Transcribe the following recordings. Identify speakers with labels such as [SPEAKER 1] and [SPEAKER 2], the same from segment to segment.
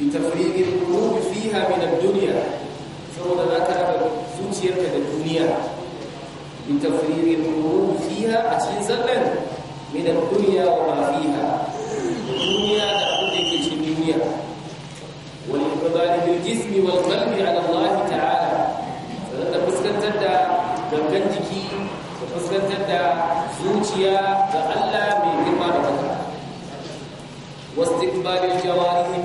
[SPEAKER 1] لتفريغ القلوب فيها من الدنيا فرض ذكر فتير من الدنيا لتفريغ القلوب فيها أتين زلن من الدنيا وما فيها الدنيا لابد في الدنيا والإقبال بالجسم والقلب على الله تعالى فلن تبسكن تدى بمكنتك تبسكن تدى زوجيا لألا من قمار واستقبال الجوارح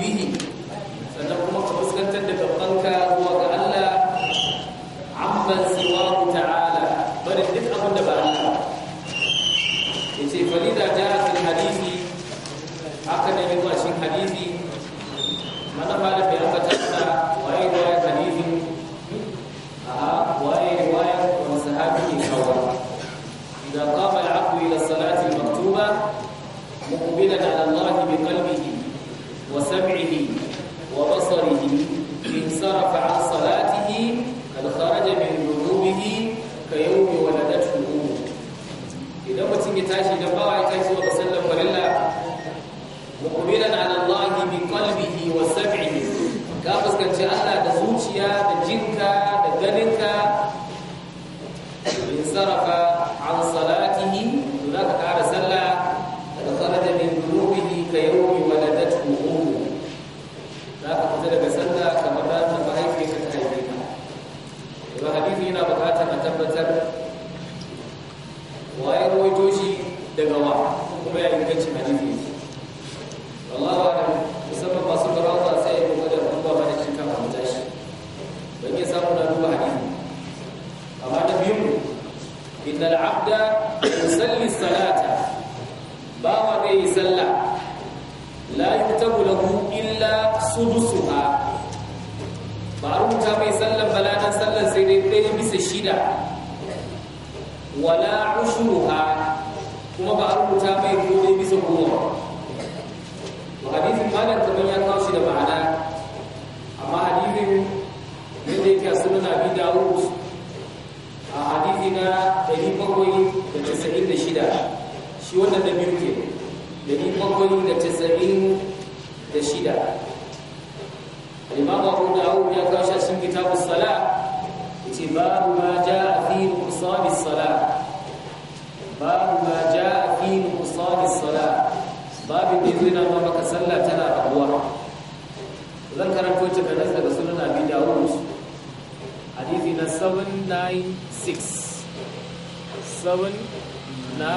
[SPEAKER 1] 96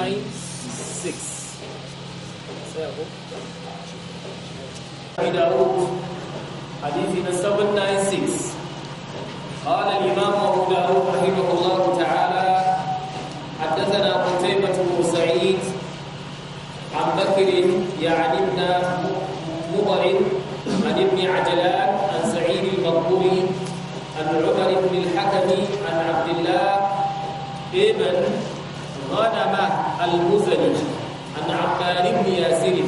[SPEAKER 1] قال الإمام أبو داود رحمه الله تعالى حدثنا قتيبة بن سعيد عن بكر يعني ابن مضر عن ابن عجلان عن سعيد المقبول عن عمر بن الحكم عن عبد الله ابن غنمه المزني عن عمار بن ياسر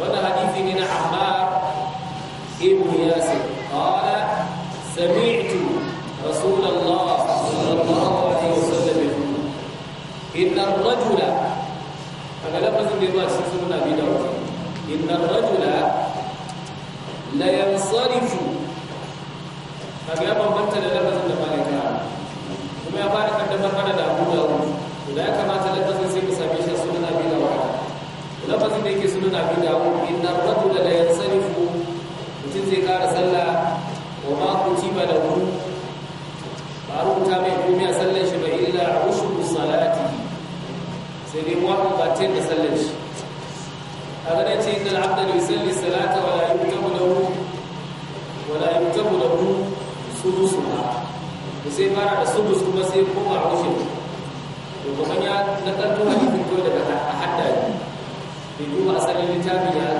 [SPEAKER 1] وانا حديث من عمار بن ياسر قال سمعت رسول الله صلى الله عليه وسلم يقول ان الرجل هذا لفظ بما سنن ابي داود ان الرجل لا ينصرف فقام من تدرس ثم يا بارك قدمنا على ابو داود to da ya kamata lafazin sai mu same shi sunan abi dawud lafazin da yake sunan abi dawud inna rajula la yansarifu mutum zai kara sallah wa ma kutiba lahu ba rubuta mai komai a sallar shi ba illa a ushru salatihi sai dai wa'u ba ta da sallar shi a ne ce innal abda la yusalli salata wa la yuktabu lahu wa la yuktabu lahu sudusuha sai fara da sudus kuma sai koma to kuma ya nakalto hadisin ko daga haddari bai duba asalin littafin ya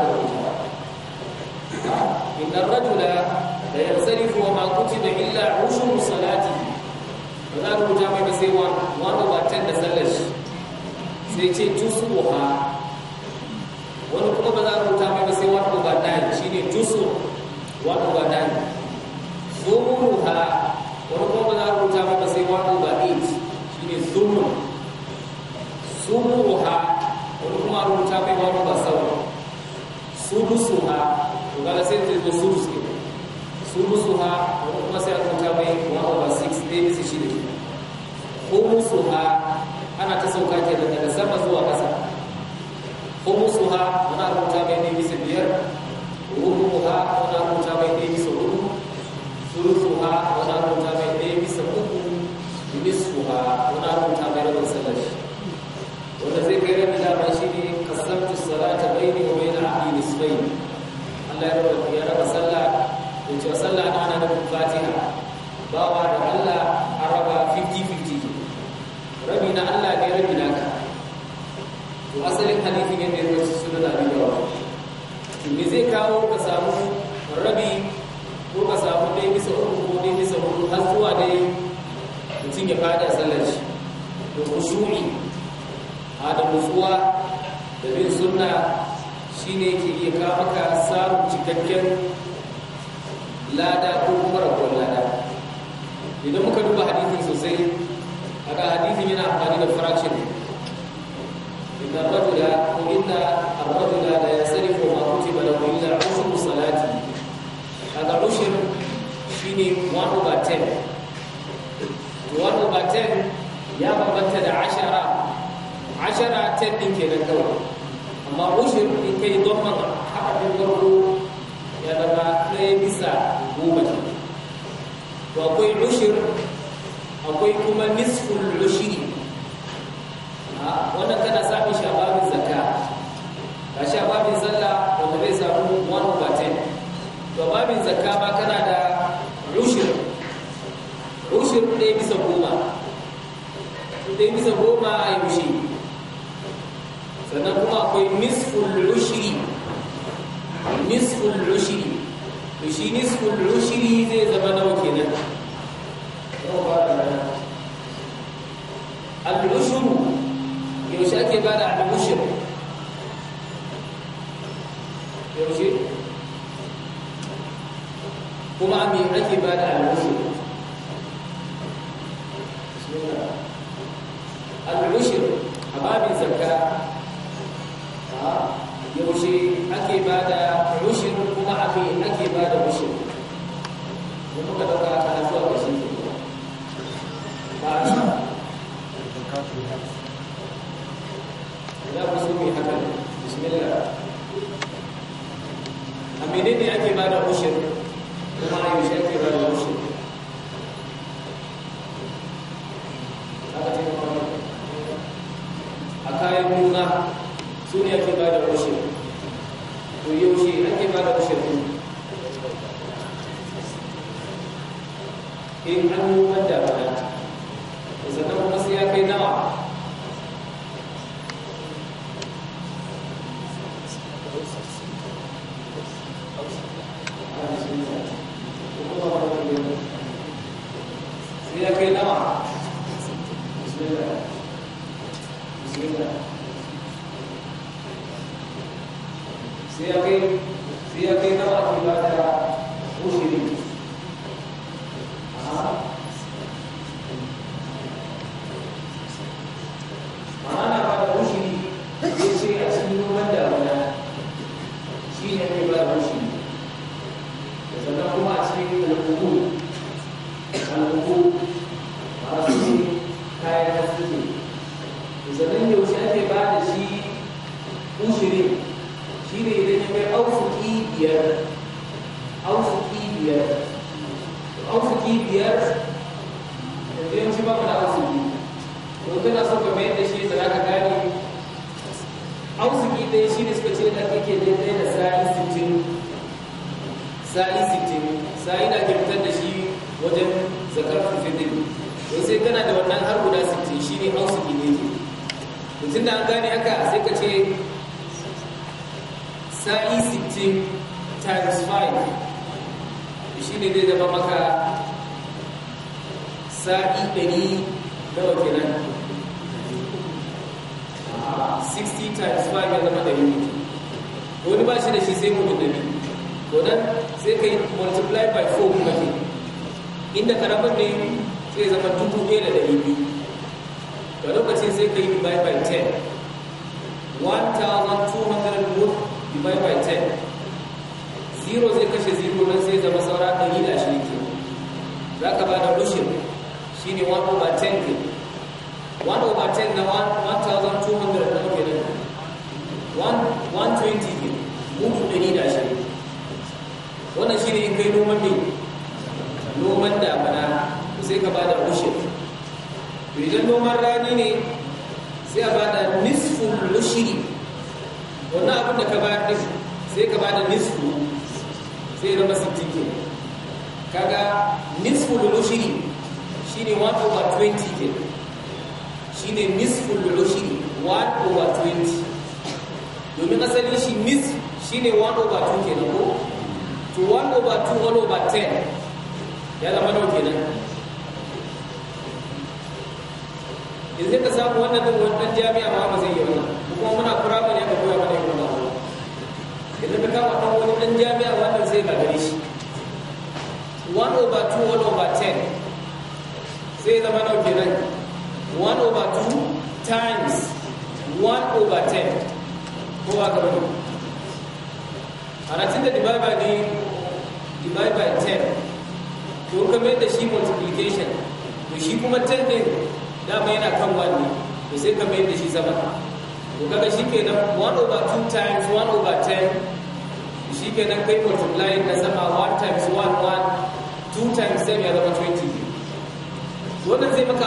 [SPEAKER 1] inna rajula da yansarifu wa ma kutiba illa ushru salati ba za rubuta mai sai wani watan sallar sai ce tusuha wani kuma ba za rubuta mai ba sai wani over nine shine tusu wani over nine zumuruha wani kuma ba za rubuta mai ba sai wani over eight shine zumuruha zumuruha wani kuma rubuta mai ba sau sudusuha to kaga sai zai zo sudus ke kuma sai rubuta mai wani ba 6 ɗaya bisa shida ke ana ta sauka ke daga sama zuwa ƙasa kumusuha wani rubuta mai ɗaya bisa biyar rubuha wani rubuta mai ɗaya bisa hudu sudusuha wani rubuta mai ɗaya bisa uku nisfuha wani rubuta nisbai Allah ya raba sallah da cewa sallah na ana nufin fatiha bawa da Allah an raba 50-50 rabi na Allah ne rabi na ka to asalin hadithin yadda ya rasu suna da abubuwa to me zai kawo ka samu rabi ko ka samu dai bisa uku ko dai bisa hudu har zuwa dai mutum ya fada sallar shi da kushuri a da nutsuwa da bin sunna shi ne ke iya kawo ka samun cikakken lada ko kuma rabuwar lada idan muka duba hadithin sosai a ga hadithin yana amfani da farashin inda rajula ko inna da ya la ko ma kuce ba kutiba lahu illa ushru salati aga ushr shine 1 over 10 1 over 10 ya bambanta da ashara ashara 10 din kenan kawai amma ushr kai gwamnan haɗin farko ya zama ɗaya bisa goma ce to akwai lushir akwai kuma nisful lushiri wanda kana samun shababin zaka ga shababin zalla wanda zai samu 1 over 10 to babin zaka ba kana da lushir lushir ɗaya bisa goma ɗaya bisa goma a yi sannan kuma akwai nisful lushir nisful rushdi to shi zai zama nawa kenan al-ushru yaushe ake al-ushru yaushe kuma me ake al-ushru al-ushru a babin zakka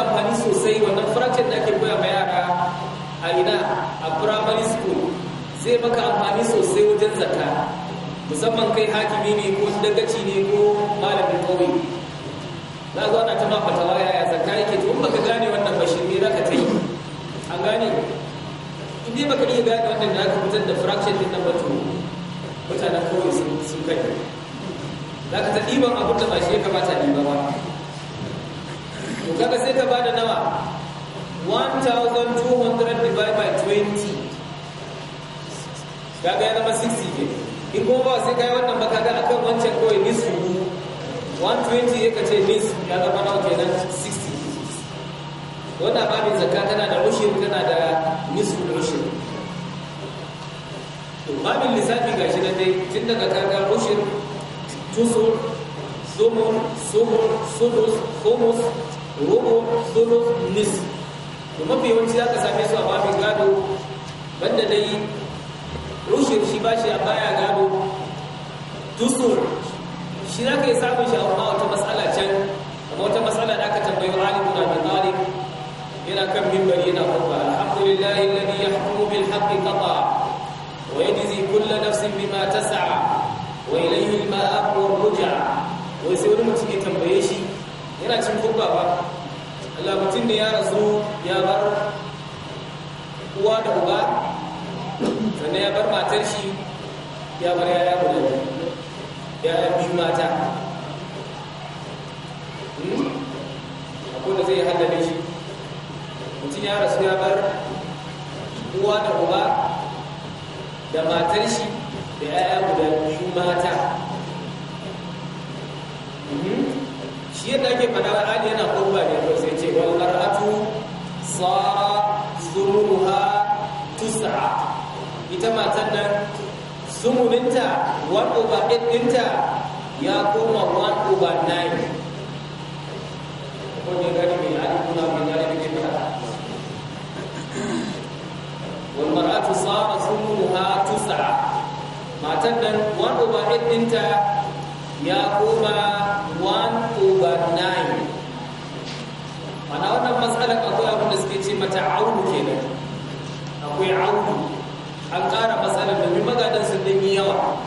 [SPEAKER 1] amfani sosai wannan furacin da ake koya ma yara a ina a primary school zai maka amfani sosai wajen zakka musamman kai hakimi ne ko dagaci ne ko malamin kauye za zo ana ta ma fatawa yaya zakka yake to in baka gane wannan ba shirme za ka ta yi an gane in dai baka iya gane wannan da aka fitar da furacin din nan ba to mutanen kauye sun kai za ka ta ɗiban abin da ba shi ya kamata ɗiba ba kaga sai ka bada nawa 1200 divided by 20 kaga ya zama 60 ke in kuma ba sai kai wannan ba kaga akan wancan kawai nisu 120 yake ce nisu ya zama nawa kenan 60 wannan babin zakka tana da ushir tana da nisu ushir to babin lissafi gashi na dai tun daga kaga ushir tusur sumun suhur sudus khumus rubu thuluth nisf to mafi yawanci zaka same su a babin gado banda yi. rushe shi shi a baya gado tusur shi zaka yi samun shi a wata matsala can kuma wata matsala da aka tambayi Ali ibn Abi yana kan minbari yana khutba alhamdulillahi alladhi yahkumu bil haqqi qata wa yajzi kull nafsin bima tas'a wa ilayhi al ma'ab ruja wai sai wani mutum ya tambaye shi yana cin kubba ba labutin mutum ne ya rasu ya bar uwa da uba sannan ya bar matar shi ya bar yaya guda yaya yi mata hmm? akwai da zai haddade shi mutum ya rasu ya bar uwa da uba da matar shi da yaya guda biyu mata hmm? shi yadda ake fada ali yana kurba ne to sai ce wal mar'atu sara sumuha tus'a ita matan nan sumuninta wan uba ɗinta ya koma wan uba nine ko ne gani mai ali kuna mai dare da kika wal mar'atu sara sumuha tus'a matan nan wan uba ɗinta ya koma 1 over nine. mana wannan matsalar akwai abin da suke ce mata aunu kenan akwai aunu an ƙara matsalar domin magadan sun yi yawa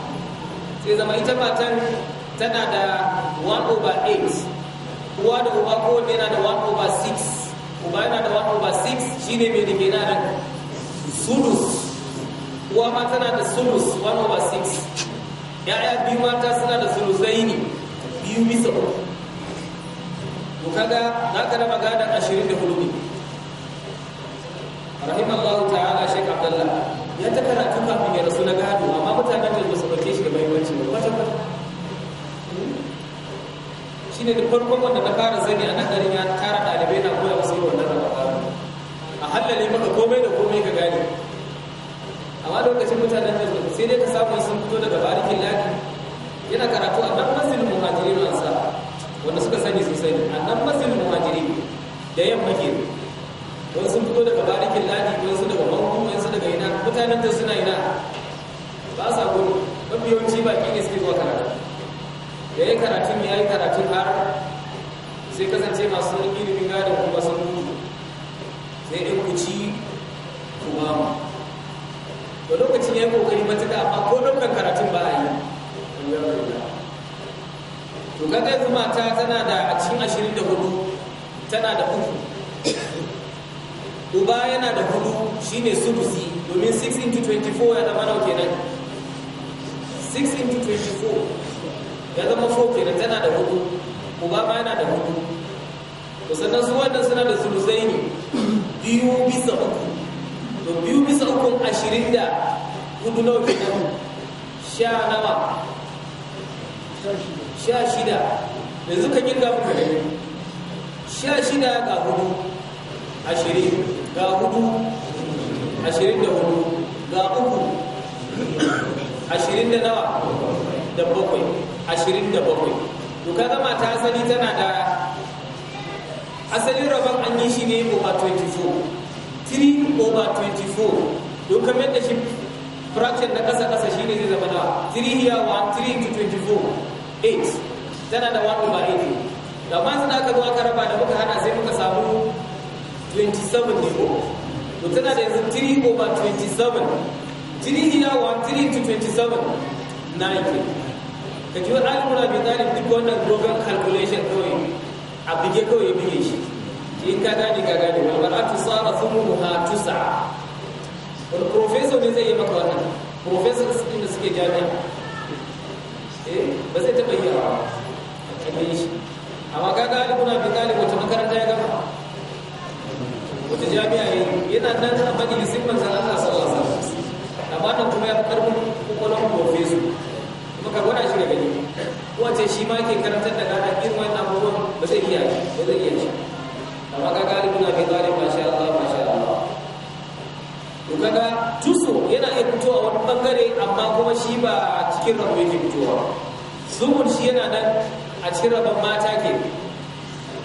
[SPEAKER 1] sai zama ita matan tana da over eight. uwa da uba kowanne yana da 1 over 6 uba yana da one over 6 shine mai dake na nan sulus uwa ma tana da sulus One over 6 ya'ya biyu mata ne biyu bisa uku to kaga za ka raba gadon ashirin da hudu rahimallahu ta'ala shek abdallah ya ta karatu kafin ya rasu na gado amma mutanen da ba su ɗauke shi da mahimmanci ba kwata kwata shi ne da farkon wanda na fara zani a nan garin ya tara ɗalibai na koya wasu yi wannan raba gado a hallali maka komai da komai ka gane amma lokacin mutanen da sai dai ka samu sun fito daga barikin ladi yana karatu a nan masjid muhajirin wansa wanda suka sani sosai? ne a nan masjid muhajirin da yamma ke wani sun fito daga barikin ladi wani su daga bangu wani su daga ina mutanen da suna ina ba sa gudu mafi yawanci ba ne suke zuwa karatu da ya karatun ya yi karatun har sai kasance masu ilimin gadon kuma sun gudu sai dai ku ci ku ba mu da lokacin ya yi kokari matuka amma ko dukkan karatun ba a yi to kaga yanzu mata tana da a cikin ashirin da hudu tana da uku uba yana da hudu shine subusi domin 6 into 24 ya zama nau kenan 6 into 24 ya zama 4 kenan tana da hudu uba ma yana da hudu to sannan su wannan suna da sulusai ne biyu bisa uku to biyu bisa uku ashirin da hudu nau kenan sha nawa sha shida yanzu ka kirga gani sha shida ga hudu ashirin ga hudu ashirin da hudu ga uku ashirin da nawa da bakwai ashirin da bakwai to kaga asali tana da asalin rabon an yi shi ne over 24 3 over 24 don kamar da shi fraction na kasa-kasa shi zai zama da 3 here 1 3 to 24 8 tana da 1 over 80 da masu da aka zuwa aka raba da muka hada sai muka samu 27 ne ko to tana da yanzu 3 over 27 3 ila 1 3 to 27 na yake ka ji wani alimuna bai tsari duk wannan program calculation kawai a bige kawai bige shi in ka gane ka gane ba ba ta tsara sun mu ha tusa wani professor ne zai yi maka wannan professors suke jami'a Eh, ba zai taɓa yi a ƙarfe shi amma kaga alikuna bin galib wata makaranta ya gama wata jami'a yi yana nan a majalisin manzan Allah sallallahu alaihi wasallam amma nan kuma ya fi ƙarfin kokolon profesu kuma ka gwada shi da gani wace shi ma ke karantar da gada irin wannan abubuwan ba zai iya ba zai iya shi amma kaga alikuna bin galib masha Allah masha Allah to kaga tuso yana iya fitowa wani bangare amma kuma shi ba a cikin rabo yake fitowa zumun shi yana nan a cikin rabon mata ke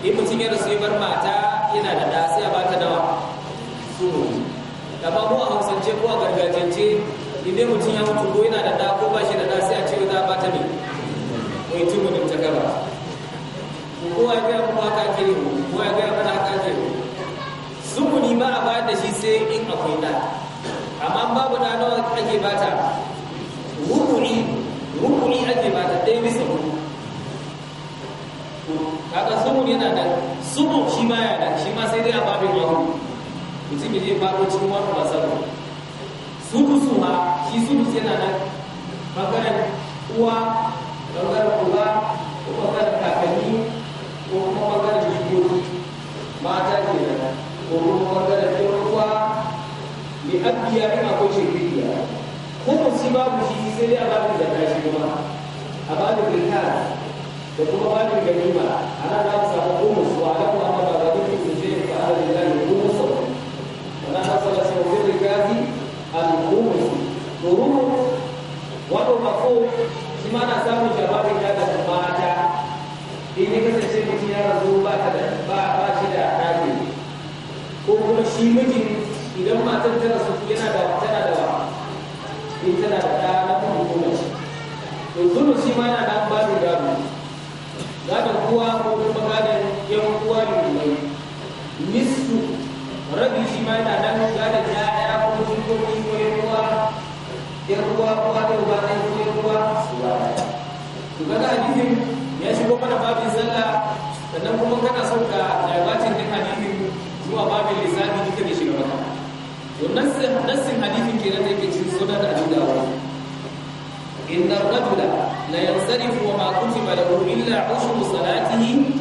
[SPEAKER 1] in mutum ya rasu ya bar mata yana da da sai a bata nawa zumun amma ko a hausance ko a gargajiyance idan mutum ya mutu ko yana da da ko ba shi da da sai a ce za a bata ne wai tumunin ta gaba Ko ya gaya mu haka ke ne ko ya gaya mana haka ke ne zumuni ma a bayar da shi sai in akwai da amma babu da nawa ake bata rukuni rukuni ake bata ɗaya bisa hudu kaga sumun yana da sumun shi ma yana shi ma sai dai a babin wahu mutum ya je babu cikin wani masaru sudusu ma shi sudus yana da bangaren uwa bangaren uba ko bangaren kakanni ko kuma bangaren jikin mata abdiya din akwai shirkiya hukunci babu shi sai dai a babu zakka shi kuma a babu zakka da kuma babu ganima ana za mu samu umar su a ba za mu yi su ce ba a da lillahi da umar sau ana za mu da gazi al wato mako shi ma na samun jawabin ya ga mata in ya kasance mutum ya razo ba da ba shi da ɗaki ko kuma shi mijin idan matan tana so yana da tana da in eh, tana da ɗa na kuma goma to zuru shi ma yana nan babu gado gadon kuwa ko kuma gadon yan uwa ne mai nisfu rabi shi ma yana nan gadon ya'ya ko kuma ko yan uwa yan uwa ko da uba ɗan ko yan uwa to kaga hadisin ya shigo mana babin sallah sannan kuma kana sauka ka da hadisin zuwa babin lissafi nassin hadithin ke da yake cikin sunan Abu Dawud inna ar-rajula la yansarifu wa ma kutiba lahu illa ushru salatihi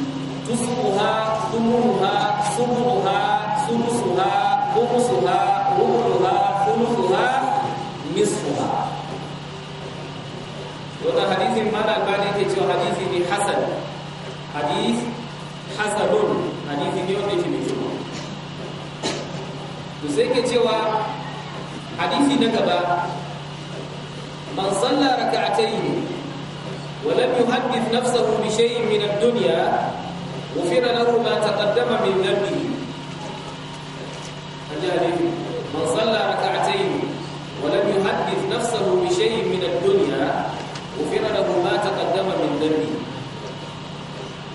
[SPEAKER 1] tusbuha thumruha subruha sumusuha khumsuha rubuha thumruha nisfuha wannan hadithin mana albani yake cewa hadithi ne hasan hadith hasanun hadithi ne wanda yake to sai ke cewa hadisi na gaba man salla raka'atayn wa lam na nafsahu bi shay'in min ad-dunya ghufira lahu ma taqaddama min dhanbihi ajali man salla raka'atayn wa lam yuhaddith nafsahu bi shay'in min ad-dunya ghufira lahu ma taqaddama min dhanbihi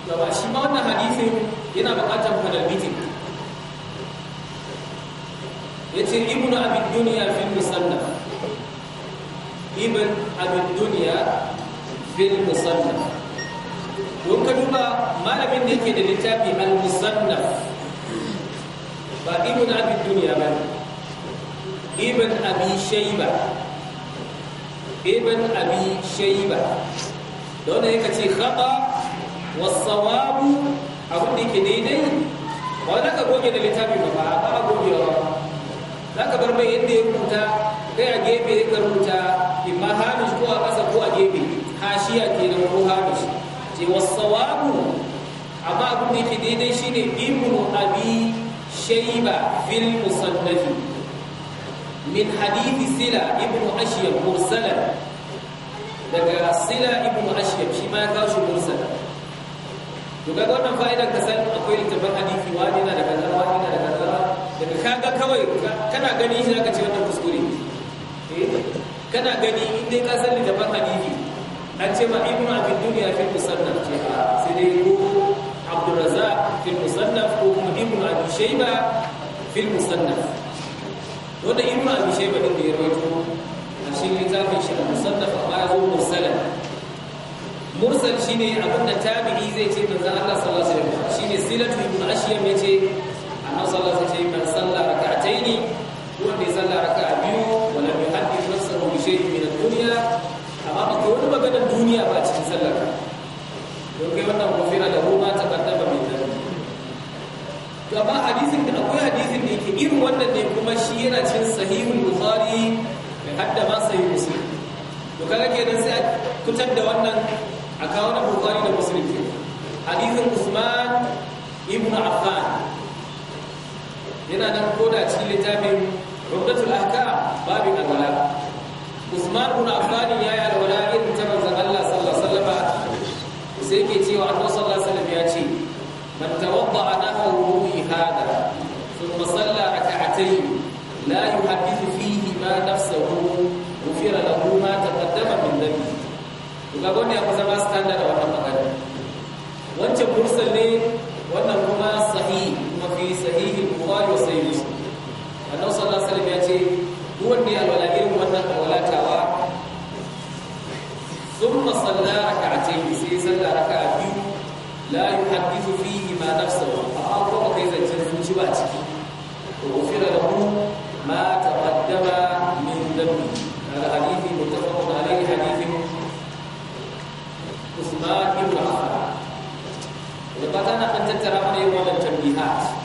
[SPEAKER 1] to ba shi ma wannan hadisin yana buƙatar fadar meeting yace ibnu abid dunya fil musannaf ibn abid dunya fil musannaf don ka duba malamin da yake da littafi al musannaf ba ibnu abid dunya ba ibn abi shayba ibn abi shayba don ne ce khata was-sawabu abin da yake daidai ba da ka goge da littafi ba ba a goge ba zaka bar mai yadda ya rubuta kai a gefe ka rubuta imma hamish ko a ƙasa ko a gefe hashiya ke nan ko hamish ce wasawabu amma abin da yake daidai shine ibnu abi shaiba fil musallafi min hadithi sila ibnu ashyab mursala daga sila ibnu ashyab shi ma ya kawo shi mursala to kaga wannan fa'idan ka san akwai littafin hadithi wani na da kaza wani na da kaza daga kaga kawai kana gani shi zaka ce wannan kuskure eh? kana gani dai ka da ban hadisi an ce ma ibnu abin duniya fil musannaf ce sai dai ko abdurrazzaq fil musannaf ko kuma ibnu abi shayba fil musannaf wanda ibnu abi shayba din da ya rawaito a shi littafin shi musannaf amma ya zo mursalan mursal shine abinda tabi'i zai ce manzo Allah sallallahu alaihi wasallam shine silatu ibnu ashyam ce. annabi sallallahu alaihi wasallam man salla rak'ataini wanda ya salla raka'a biyu wala bi haddi nafsahu bi shay'in min ad-dunya amma ba kai wani magana duniya ba cikin sallar ka don kai wannan gofira da roma ta kaddama mai dani gaba hadisin da akwai hadisin da yake irin wannan ne kuma shi yana cikin sahihul bukhari da hadda ma sahih muslim to kaga kenan sai fitar da wannan a kawo na bukhari da muslim hadisin usman ibn affan yana nan ko da cikin littafin rubdatul ahkam babu alwala usman ibn affan ya yi alwala irin ta manzon Allah sallallahu alaihi wasallam sai ke cewa annabi sallallahu alaihi wasallam ya ce man tawadda'a nahwu hada thumma salla rak'atayn la yuhaddithu fihi ma nafsuhu ghufira lahu ma taqaddama min dhanbi to ga gonda ya kusa ba standard wannan magana wancan mursal ne wannan annabi sallallahu alaihi wasallam ya ce duk wanda ya alwala irin wannan alwalatawa thumma salla rak'atayn sai salla raka'a biyu la yuhaddithu fihi ma nafsuhu amma ko kai zancen zuci ba ciki to ufira lahu ma taqaddama min dhanbi hada hadithi muttafaqun alayhi hadithin Usman ibn Affan da fata an tattara mana yin wannan tambihat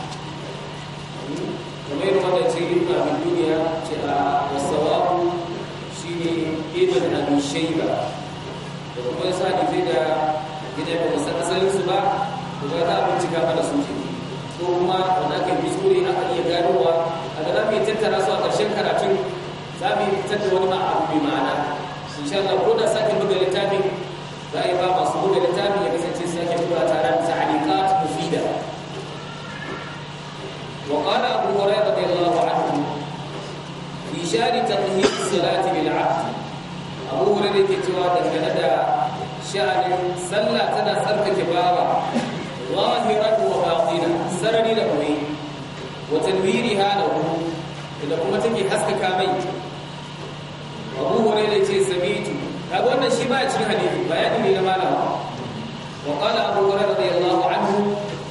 [SPEAKER 1] ibn abi shayba da kuma ya da zai da gida da san asalin su ba to ga za a bincika mana su ke ko kuma wanda aka yi na aka iya a ga za mu tattara su a ƙarshen karatun za mu da wani abu mai ma'ana insha Allah ko da sake buga littafin za a yi ba masu buga littafin ya kasance sake buga tare da ta'alikat mufida وقال أبو هريرة رضي الله عنه في شان تطهير الصلاة بالعبد abu wurin da ke cewa dangane da sha'anin sallah tana tsarkake bawa zahiratu wa batina sarari da koyi wa tanwiriha lahu da kuma take haskaka mai abu hurairah ce samitu kaga wannan shi ba cikin hadisi bayani ne na malama wa qala abu hurairah radiyallahu anhu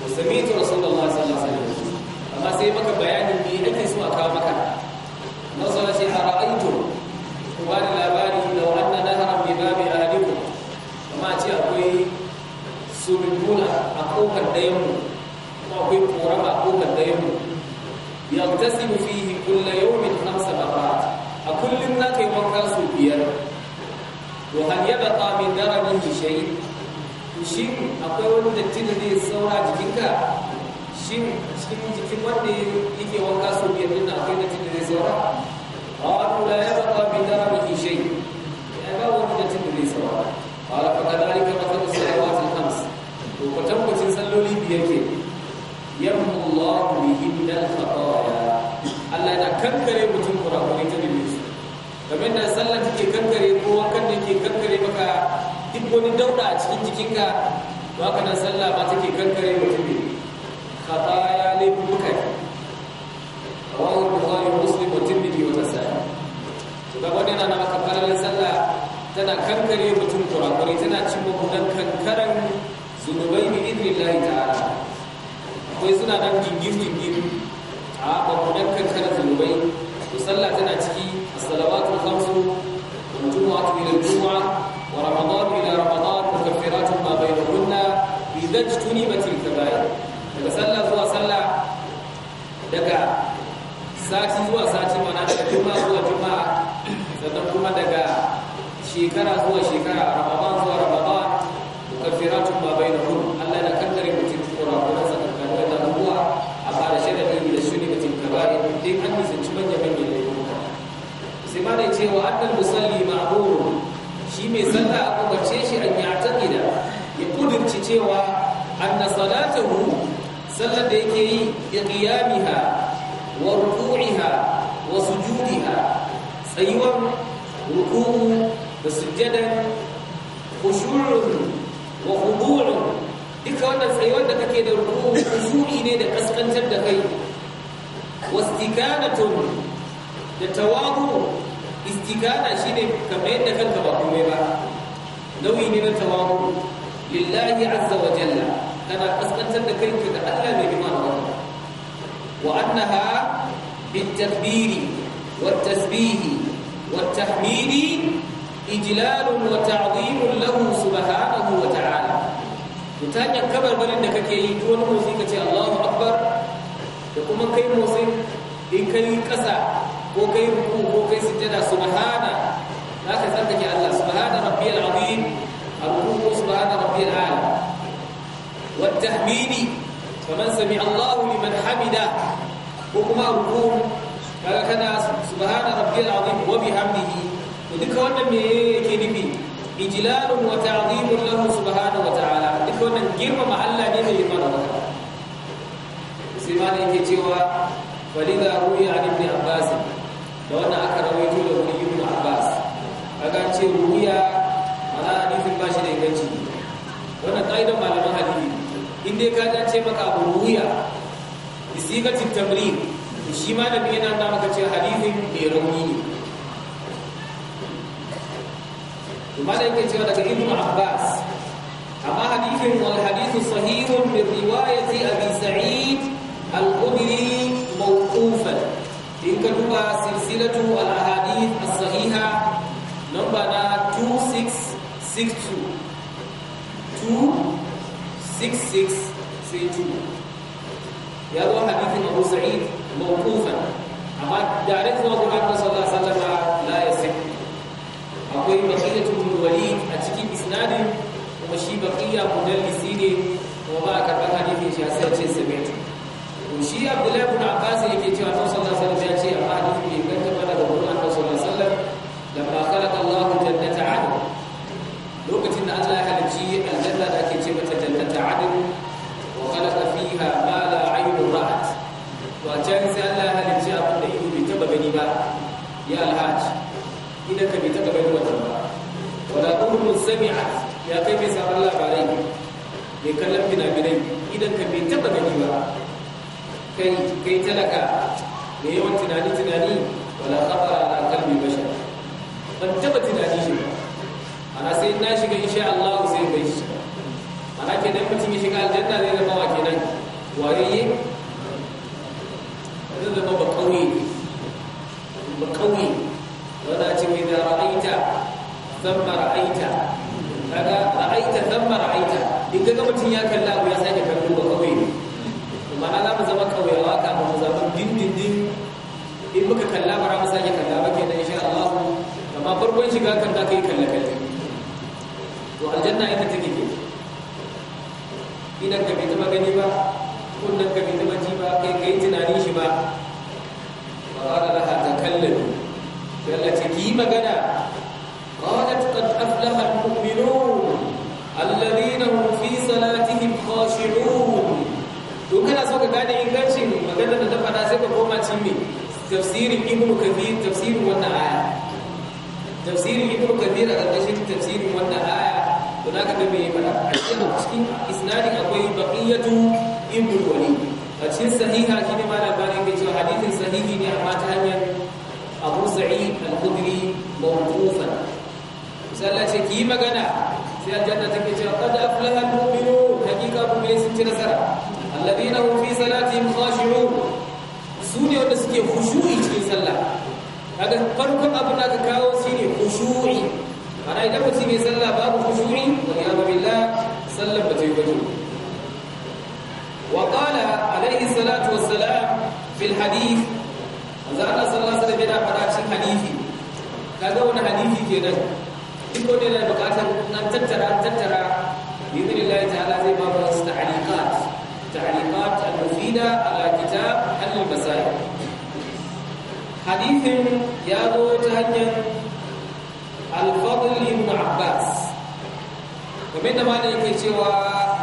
[SPEAKER 1] wa samitu rasulullahi sallallahu alaihi wasallam amma sai maka bayanin me ake so a kawo maka nasara shi ara'aytu wa la so min duna a kofar ɗayan kuma akwai korama a kofar ɗayan mu yaltasimu fihi kullu yawmin khamsa marat a kullum na kai wanka su biyar wa hal yabqa min darabihi shay shin akwai wani datti da zai saura jikinka shin cikin jikin wanda yake wanka su biyar din akwai datti da zai saura qalu la yabqa min darabihi shay ya ba wani datti da zai saura qala fa kadhalika masalu salawati to kwatankwacin salloli biyar ke yamullahu bihi min al-khataaya Allah yana kankare mutum kurakurai ta dame su kamar da sallar take kankare ko wankan da ke kankare maka duk wani dauda a cikin jikinka to haka nan sallah ba take kankare mutum ne khataaya ne muka rawahu bukhari muslim wa tirmidhi wa nasai to ga wannan na maka falalar sallah tana kankare mutum kurakurai tana cin mutum kankaran zunubai bi idnillahi ta'ala akwai suna nan gingir gingir a babban kankar zunubai to sallah tana ciki as-salawatu al-khamsu wal jumu'atu ila al-jumu'a wa ramadan ila ramadan mukaffiratu ma bainahunna idza ijtunibat al-kaba'ir daga sallah zuwa sallah daga sati zuwa sati mana daga juma'a zuwa juma'a sannan kuma daga shekara zuwa shekara ramadan zuwa ramadan ma. haqqal musalli ma'mur shi mai sallah a umarce shi an gida ya kudurci cewa anna hu sallar da yake yi ya qiyamiha wa ruku'iha wa sujudiha tsayuwar ruku'u da sujjada khushu'un wa khudu'un duka wannan tsayuwar da kake da ruku'u khushu'i ne da kaskantar da kai wastikanatun da tawadu na shine kamar yadda kanta ba komai ba nauyi ne na tawamu lillahi azza wa jalla kana kaskantar da kanka da Allah mai da wa annaha bitakbiri wat tasbihi wat tahmidi ijlal wa ta'zim lahu subhanahu wa ta'ala mutanya kabar barin da kake yi ko wani motsi kace Allahu akbar da kuma kai motsin in kai kasa ko kai ruku ko kai sujjada subhana zaka tsarkake Allah subhana rabbiyal azim ruku subhana rabbiyal a'la wat tahmidi faman sami Allahu liman hamida ko kuma ruku kaga kana subhana rabbiyal azim wa bihamdihi to duka wannan me yake nufi ijlalun wa ta'zimun lahu subhanahu wa ta'ala duk wannan girmama Allah ne mai mana sai ma ne yake cewa walidha ya an ibn abbas da wannan aka rawaito da wani ibn abbas kaga ce ruwiya mana hadisin ba shi da inganci wannan kaidan malaman hadisi in dai ka ga ce maka abu ruwiya isigati tamrin shi ma da yana da maka ce hadisin bai rauni ne kuma ke yake cewa daga ibn abbas amma hadisin wal hadithu sahihun min riwayati abi sa'id al-khudri mawqufan in ka duba silsilatu al-ahadith as-sahiha namba na 2662 2662 ya zo hadithin Abu Sa'id mawqufan amma direct wa Qur'an sallallahu alaihi wasallam la yasih akwai makilatu walid a cikin isnadin kuma shi baqiya mudallisi ne kuma ba a karɓar hadithin shi sai ce sabaitu to shi abdullahi ibn abbas yake cewa annabi sallallahu alaihi wasallam ya ce amma hadisi bai ganta ba daga wurin annabi sallallahu alaihi wasallam lamma khalaqa Allahu jannata adn lokacin da Allah ya halicci aljanna da ake ce mata jannata adn wa khalaqa fiha ma la aynu ra'at wa can sai Allah ya halicci abin da ido bai taba gani ba ya alhaj idan ka bai taba gani wannan ba wala udhun sami'at ya kai mai sabon labarai mai kallon fina-finai idan ka bai taba gani ba kai kai talaka ne yawan tunani tunani wala khabara ala qalbi bashar ban taba tunani shi ba, ana sai na shiga insha Allah sai bai shi ana kenan mutum ya shiga aljanna zai zama wa kenan waye zai zama ba kauye ba kauye wanda ce mai da ra'aita thumma ra'aita kaga ra'aita thumma ra'aita in ga mutum ya kalla abu ya in muka kalla bara mu sake kalla ba ke da insha Allah amma farkon shiga kan za ka yi kalle kalle to aljanna ita take ke idan ka bai taba gani ba kunnan ka bai taba ji ba kai kai tunani shi ba wa qala laha takallamu yalla ce ki magana qalat qad aflaha almu'minun alladhina hum fi salatihim khashi'un to kana so ka gane ingancin magana da ta fada sai ka koma cin me tafsirin ibnu kabir kabir a ƙarƙashin tafsirin wannan aya to naka da mai a cikin isnadin akwai baqiyatu ibnu walid a cikin sahiha shine ma labarin da cewa hadithin sahihi ne amma ta hanyar abu sa'id al-khudri mawqufan misalla ce ki magana sai aljanna take cewa qad nasara alladhina hum fi su ne wanda suke khushu'i cikin sallah kaga farkon abin na aka kawo shine khushu'i ana idan mutum mai sallah babu khushu'i wani abu billah sallar ba ta yi bato wa qala alaihi salatu wassalam fil hadith
[SPEAKER 2] manzo Allah sallallahu alaihi wasallam yana fara
[SPEAKER 1] cikin hadisi kaga wani hadisi kenan duk wanda yana buƙatar an tattara an tattara باذن الله تعالى زي ما بس تعليقات تعليقات المفيده ala كتاب hadithin ya zo ta hanyar al-fadl ibn abbas kamar da malai yake cewa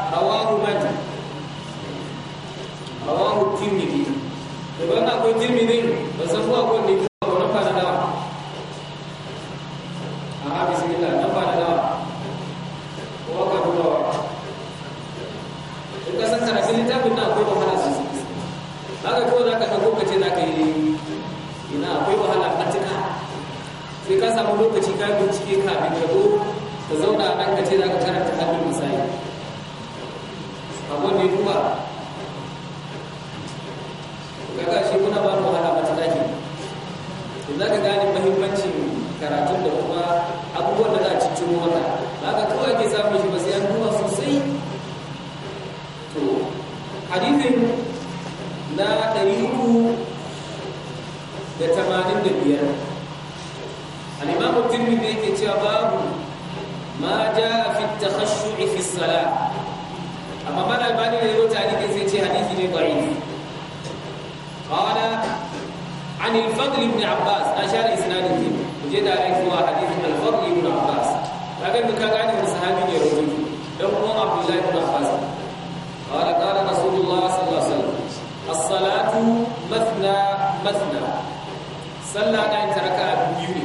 [SPEAKER 1] rawahu man rawahu tirmidhi da ban akwai tirmidhi
[SPEAKER 2] ba san ko akwai
[SPEAKER 1] ne ko na fara da a bismillah yi kuma kaga shi kuna ba mu wahala matuƙa ke za ka gane muhimmancin karatun da kuma abubuwan da za a cikin maka ba ka kawai ke samun shi ba الفضل بن عباس أشار إسناده وجد عليك هو حديث الفضل بن عباس لكن كان من صحابي يروي لو هو عبد الله بن عباس قال قال رسول الله صلى الله عليه وسلم الصلاة مثنى مثنى صلى أنا أنت ركعة بيوني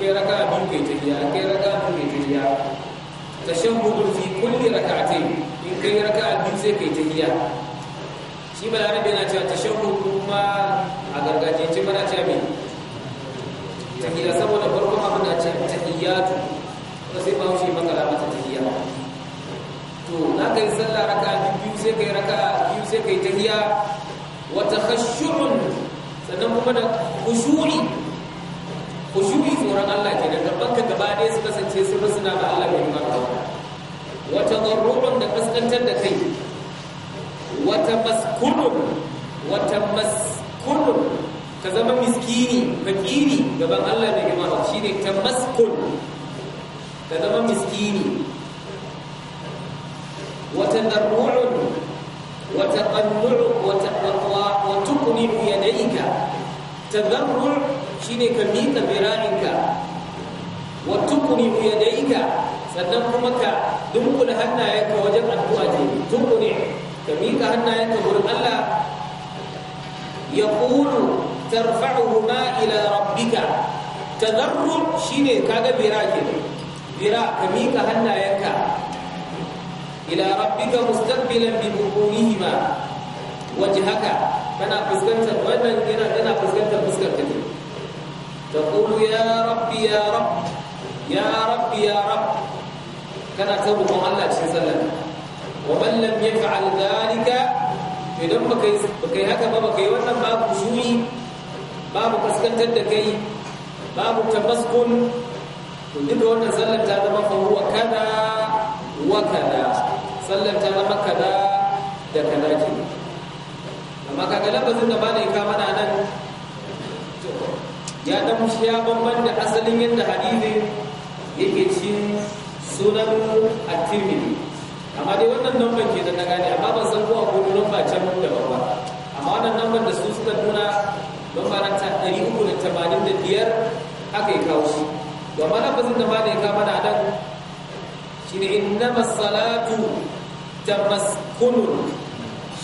[SPEAKER 1] كي ركعة بيو كي تهيا كي ركعة بيو كي تهيا تشهد في كل ركعتين إن كي ركعة بيو كي تهيا shi balarabe yana cewa tashahhud kuma a gargajiyance mana cewa me tahiyya saboda farkon abin da ce tahiyyatu ko sai ba shi makala mata tahiyya to na kai sallah raka biyu sai kai raka biyu sai kai tahiyya wa takhashshu'un sannan kuma da khushu'i khushu'i tsoron Allah kenan gaban ka gaba ɗaya su kasance su suna da Allah mai maka wa tadarrurun da kaskantar da kai wa tamaskun wa tamaskun ka zama miskini fakiri gaban Allah mai girma shi ne ta maskul ka zama miskini wata darru'un wata ƙannu'u wata ƙwaƙwa wata ƙuni'u yanayi ka ta shi ne ka miƙa biraninka wata ƙuni'u yanayi ka sannan kuma ka dunkula hannayenka wajen addu'a ce tukuni ka miƙa hannayenka wurin Allah ya ƙunu tarfa'uhuma ila rabbika tadarru shine kaga bira kenan bira ka mika hannayenka ila rabbika mustaqbilan bi buhunihima wajhaka kana fuskantar wannan yana yana fuskantar fuskar ka ne taqulu ya rabbi ya rabb ya rabbi ya rabb kana ta roƙon Allah cikin sallar wa man lam yaf'al dhalika idan baka yi haka ba baka yi wannan ba ku shuri babu kaskantar da kai babu tabaskun to duk wannan sallar ta zama fa huwa kada wa kada sallar ta zama kada da kada ke amma kaga lafazin da malai ka mana nan ya dan ya bamban da asalin yadda hadisi yake cin sunan at-tirmidhi amma dai wannan ban ke da na gane amma ban san ko akwai number can da ba amma wannan number da su suka nuna don da biyar, haka ya kawo shi domin lafazin da ma da ya kama da adam shi ne innama salatu ta maskunun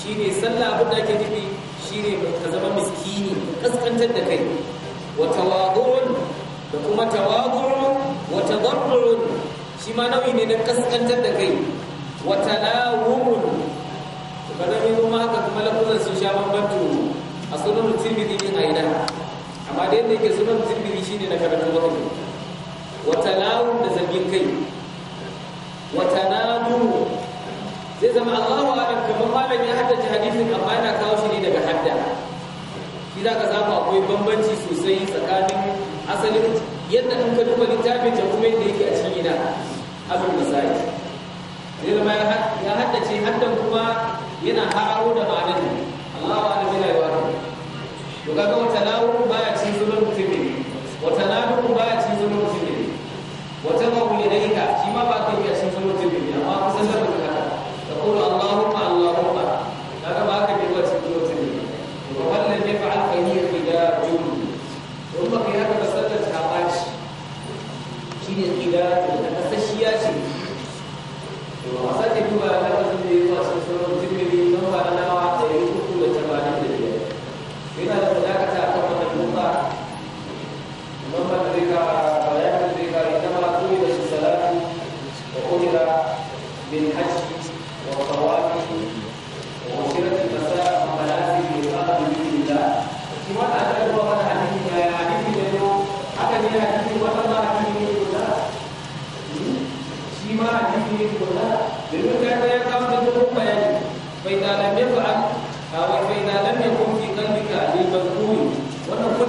[SPEAKER 1] shi ne sallah abin da ake nufi shi ne ka zama miskini kaskantar da kai
[SPEAKER 2] wata wagon
[SPEAKER 1] da kuma tawagon wata zarrun shi ma nauyi ne na kaskantar da kai wata lawumun ba zai kuma haka kuma lafazin sun sha bambantu a sunan tirmidhi din a idan amma da yadda yake sunan shi ne na karatun ne. Wata talawun da zargin kai wata tanadu zai zama Allahu a'lam kamar malam ya haddace hadisin amma yana kawo shi ne daga hadda shi za ka samu akwai bambanci sosai tsakanin asalin yadda in ka duba littafin da kuma yadda yake a cikin ina abin misali zai zama ya haddace haddan kuma yana hararo da ma'anar Allahu a'lam yana yi to kaga wata lawuru baya ci zuwa mutum ne wata lawuru baya ci zuwa mutum ne wata mawuli da ita shi ma ba ka iya ci zuwa mutum ne amma kusa da mutum haka ta kula Allahumma Allahumma kaga ba ka biyo ci zuwa mutum ne to ba wannan ne fa alfa hiya fi da jumlu to ba kai haka sallar ta baci ne kida da kasashiya ce to a sake duba lafazin da ya zo a cikin sunan mutum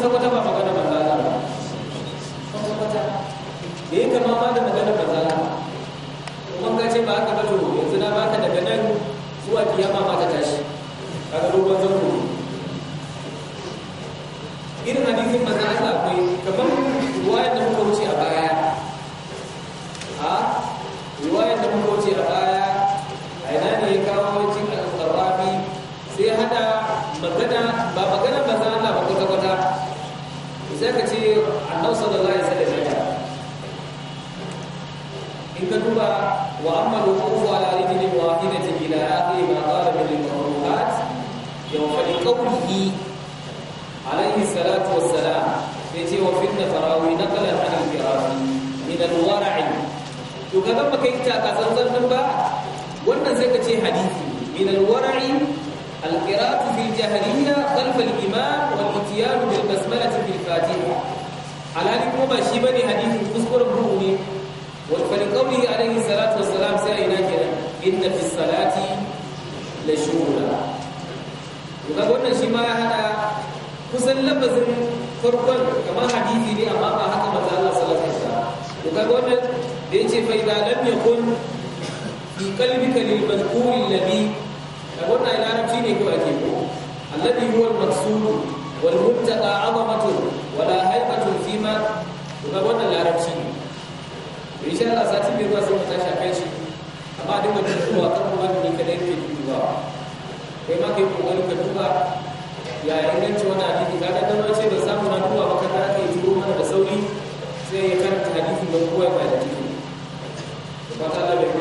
[SPEAKER 1] kwata-kwata ba magana manzana ba kwata-kwata da ya kama ma da magana ba kuma ka ce ba haka ba to yanzu na baka daga nan zuwa kiyama to kaga baka yi taka tsantsan nan ba wannan sai ka ce hadisi min al-wara'i al-qira'atu fil jahriyya khalf al-imam wal ittiyan bil basmalati fil fatiha alhali kuma shi bane hadisin kuskuren ruhu ne wal fa qawlihi alayhi salatu wassalam sai ina kenan inna fis salati la shura to kaga wannan shi ma ya hada kusan lafazin farkon kamar hadisi ne amma ba haka manzo Allah sallallahu alaihi wasallam to kaga wannan da ya ce fa'ida lam ya kun fi kalbika lil mazkuri ladi da wannan larabci ne ko ake ko alladhi huwa al maqsud wal mubtada azamatu wala haibatu fi ma da wannan larabci ne insha Allah sati mai zuwa sai mu tashi akan shi amma duk wanda kuma kan kuma ne kadai ke duba kai ma kai kokarin ka duba ya inganci wannan hadisi da dan wace ba samu na duba Boa tarde,